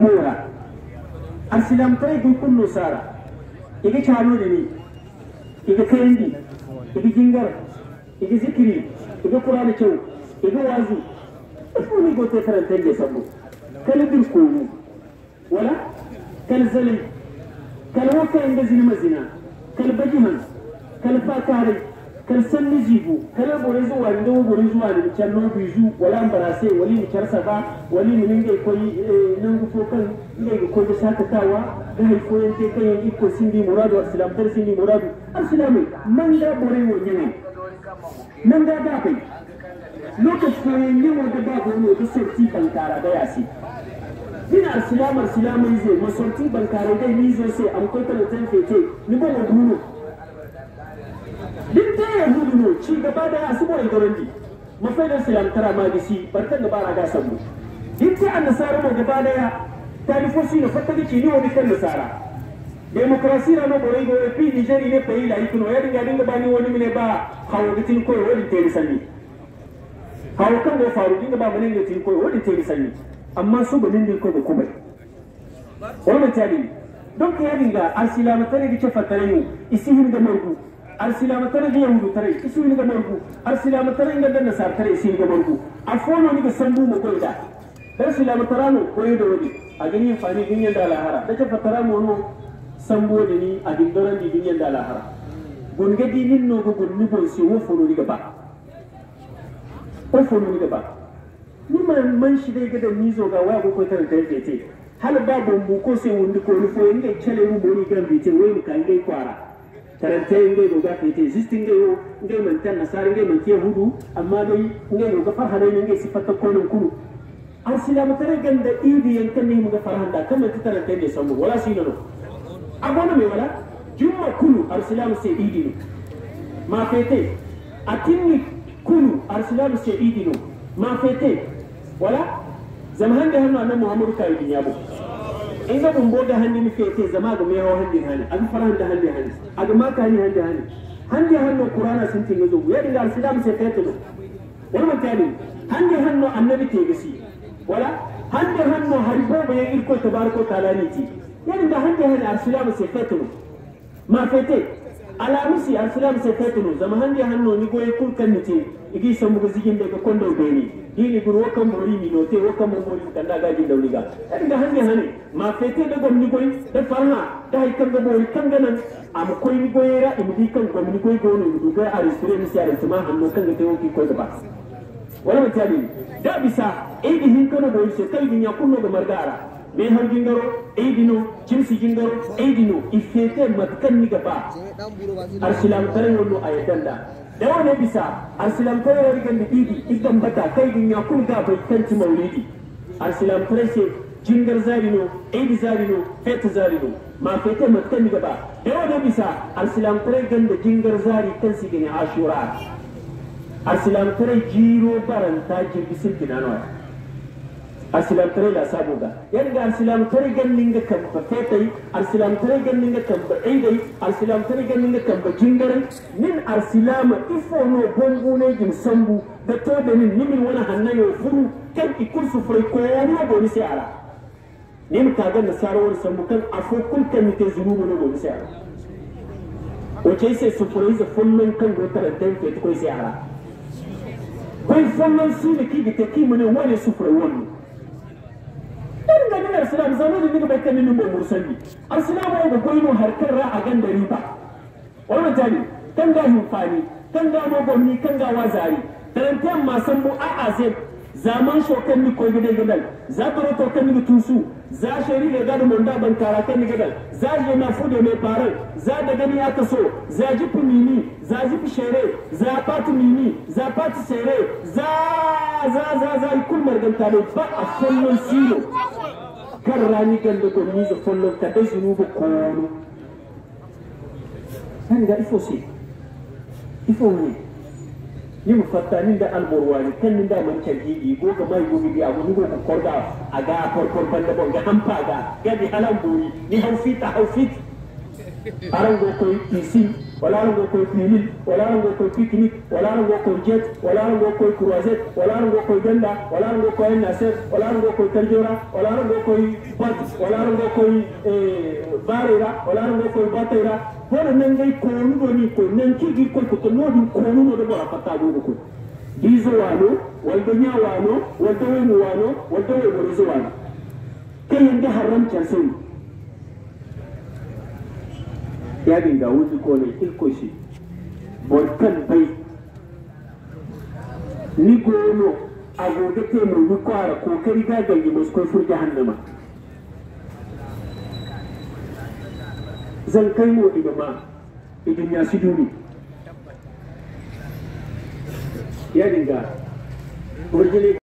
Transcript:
mura asilam tay gu kunnu sara igi chalo ni igi kendi igi jingar igi zikiri igi qur'an chew igi wazu ifuni go te taran tenge sabu kala dir kunu wala kal zalim kal wafa inda zina mazina kal bajiman kal fakari miji mijibu kana gore zuwa ndo gore zuwa da can no bizu wala sai wali mu charsa ba wali ni ninge eh, nan ku fo kan ninge ko da saka tawa da hay ko yake kan yin iko bi muradu aslam tar bi muradu aslam man da gore wo ne man da da kai lokaci ko yin ne wanda ba ko ne sai ti kan tara da yasi ina aslamar silamai zai masauci bankarai dai ni zai sai am ko zai fete ni ba wo duniya limte ya hulu ci gaba da asubo e gorondi mo fayda silam tara magisi barkan da bara ga sambu limte an nasara mo gaba da talifosi no fatta ci ni woni kan nasara demokrasi na no gore go e ne pei la ikuno ya dinga dinga bani wani mine ba hawo gitin ko wani te sanni hawo kan go faru dinga ba mene ne tin ko woni te sanni amma su ba nindin ko ko bai wani tali don ka yadinga asilamata ne gice fatare yau isi hinda mai arsiilaamattana biyya hundu tare isuu ni gamargu arsiilaamattana inga dandasaar tare isii ni gamargu afoono ni gasambuu mokoyda dan silaamataraano koyoda wadi agani infani dunyan da lahara daga fataraamo ono sambo da ni agin dorandi dunyan da lahara gonga di ninno go gonni bonsi wo fono ni gaba o fono ni gaba ni man man shi dai ga da mizo ga waya go koytar da yake hal ba bombu ko sai wundi ko ni fo inda kele mu boni gan bite wai mu kan gai kwara tarante ngai no ga fete zisti ngai yo ngai man tan nasara ngai man yahudu amma dai ngai no ga farha dai ngai sifata konon kulu an silama tare ganda idi yankan ne mu ga farhan da kan ta tarante ne samu wala shi no abona me wala jumma kulu arsilamu sai idi no ma fete atinni kulu arsilamu sai idi no ma fete wala zaman da hannu annabi muhammadu kai bin yabo ina dum boga hanni ni fete zama ga meho hanni hani ag faran da hanni hani ag ma ka hanni hanni hani hanni hanno qur'ana sun tin yazo ya dinga islam sai fete do wani mutane hanni hanno annabi te gasi wala hanni hanno haribo bayan irko tabaraka taala ni ti ya dinga hanni hanni islam sai fete do ma fete alamisi an silam se fetulu zama hande hannu ni goye kul ce igi sambugo da ko kondo beni dini guru wakan mori mi no te wakan mori kanda ga jinda uliga adiga hande hane ma fete da gomni goyi da farha da hay kanga bori kanga nan am koy ni ra in di kan gomni ne gono du ga aristre mi sare tuma hanno kanga te ko da ba wala tabi da bisa idi hin kana boy se kalbi nya kunno da margara me har gingaro no kimsi jindor aidino ifete matkan ni gaba arsilam kare yolo ayatanda da ne bisa arsilam kare yori gandi didi idan bata kai dunya kun ga bai kanci maulidi arsilam kare se jindar zarino aidi zarino fete zarino ma fete matkan ni gaba da ne bisa arsilam kare ganda jingar zari kan sigini ashura arsilam kare jiro baranta jirgisin kinanwa أرسلام تري لا سابوغا يعني أرسلام تري جن نينجا كم بفتي أرسلام تري جن نينجا كم بعيدي أرسلام تري جن نينجا كم بجندري نين أرسلام إفونو بومبوني جن سمبو دكتور بني نيم وانا هنا يوفرو كم يكون سفري كوريو بني سيارة نيم كاجن نسارو سمبو كم أفو كل كم يتزمو منو بني سيارة وكيف سفري إذا فلمن كم بتر الدين في تكوي سيارة كل فلمن سيني كي بتكيم من وين سفري وانو arsenal zaman ini bai kena minum mursali arsilamo ga goyno harkar ra a ganda riba wannan tani kan ga hinfani kan ga mo gomni kan ga wazari tarantan ma mu zaman sho kan ni kau gede gede, za itu roto kan ni tusu za shari da gadu monda ban tara kan ni gidan za je na fude mai faran za da gani ya kaso za ji mini za jip shere za pat mini za pat shere za za za za kulmar ganta ba a kullun silo garrani gande ko mise follotta ɓe junubo koono hannga il ifo si ifo faut ni mu fatta ni da alburwani kan ni da man canjiɗi goga bi gogidi a woni gogo korga a ga korkor balla bon ga hampa ga ga di halan buri ni haufi fit a fit arango koy piscine wala arango koy pilin wala arango koy picnic wala arango koy jet wala arango koy croisette wala arango koy denda wala arango koy naser wala arango koy tarjora wala arango koy bat wala arango koy barira wala arango koy batira wala nangay konu do ni ko nan ci gi koy ko to nodum konu no do bara fatta do ko dizo wano waldonya wano waldowe mu wano waldowe mu rizo wano kayan da haramcin sai yaɓin ga wuti ko ne ilkoshi bolkan bai ni goyo a gobe te mu ni kwara kari ga gangi mu ko hannu ma zan kai mu ido ma idan ya su duni ya dinga